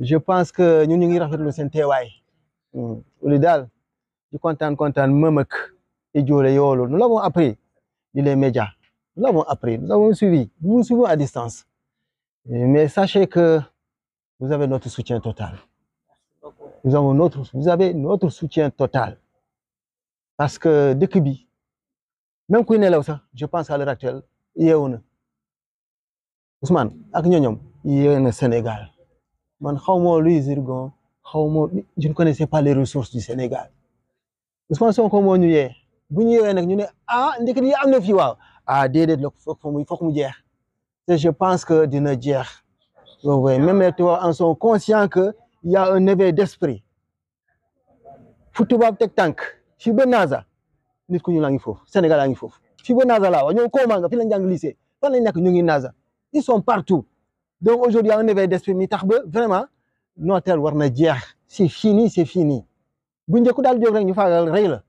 je pense que nous avons ngi le seen hmm. dal, di nous l'avons appris di les médias nous l'avons appris nous l'avons suivi nous nous suivons à distance mais sachez que vous avez notre soutien total nous avons notre vous avez notre soutien total parce que dëkk bi même kuy nelaw là, je pense à l'heure actuelle a une... Ousmane il y a une Sénégal man xaw ma Louis Zirgon Comment? je ne connaissais pas les ressources du Sénégal Ousmane Sonko moo ñu yee bu ñu yee nag ñu ne ah ndeket yi am na waaw ah dédé, la foog mu foog mu jeex te je pense que dina jeex vous voyez même toi, en sont conscients que il y a un éveil d'esprit fu tubaab tank, tànk fii ba NASA nit ku ñu Sénégal laa ngi foofu fii ba NASA laa wax ñoom nga fi lañ lycée fan lañ nekk ñu ngi ils sont partout donc aujourd'hui on éveil d'esprit mi vraiment nous, war c'est fini c'est fini Si on daal jóg rek ñu faagal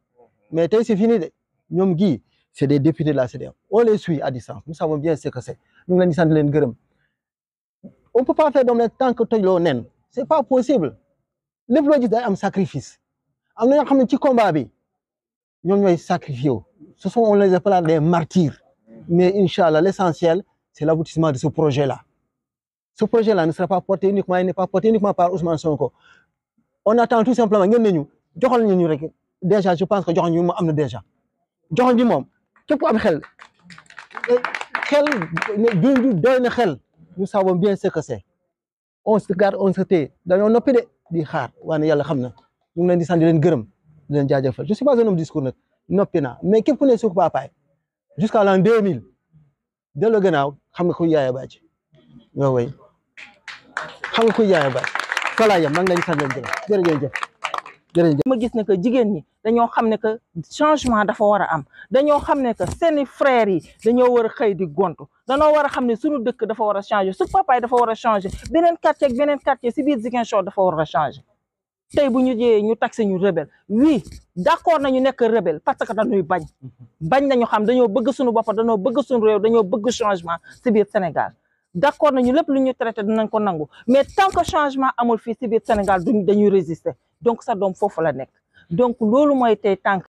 mais c'est fini Nous ñoom c'est des députés de la CDA, on les suit à distance nous savons bien ce que c'est Nous, on dit que sant on peut pas faire dans le temps que tojloo Ce c'est pas possible Les gens ont day sacrifice am na un petit combat bi avons sacrifié ce sont on les appelle des martyrs mais l'essentiel c'est l'aboutissement de ce projet là ce projet-là ne sera pas porté uniquement, il n'est uniquement par Ousmane Sonko. On attend tout simplement, nous, déjà, je pense que nous avons déjà. Nous avons déjà. Nous savons bien ce que c'est. On se garde, on se tait. On a Nous avons dit que nous avons Je ne suis pas un homme discours. Nous Mais qui connaît ce que Jusqu'à l'an 2000, dès le nous avons ñoo way xam nga ku jaay ba fala yam maa ngi lañ jëf jërëjëf jërëjëf ma gis ne que jigéen ñi dañoo xam ne que changement dafa war a am dañoo xam ne que seeni frères yi dañoo war a xëy di gontu danoo war a xam ne suñu dëkk dafa war a changer su papa dafa war a changer beneen quartier ak beneen quartier si biir Ziguinchor dafa war a changer tey bu ñu jiyee ñu taxé ñu rebelle oui d'accord nañu nekk rebelle parce que dañuy bañ mhm. bañ ñu xam dañoo bëgg suñu bopp dañoo bëgg suñu réew dañoo bëgg changement si biir Sénégal d'accord nañu lepp luñu traité dañ ko nangu mais tant que changement amul fi ci biir Sénégal nous dañuy résister donc sa doom fofu la nek donc lolu moy tay tant.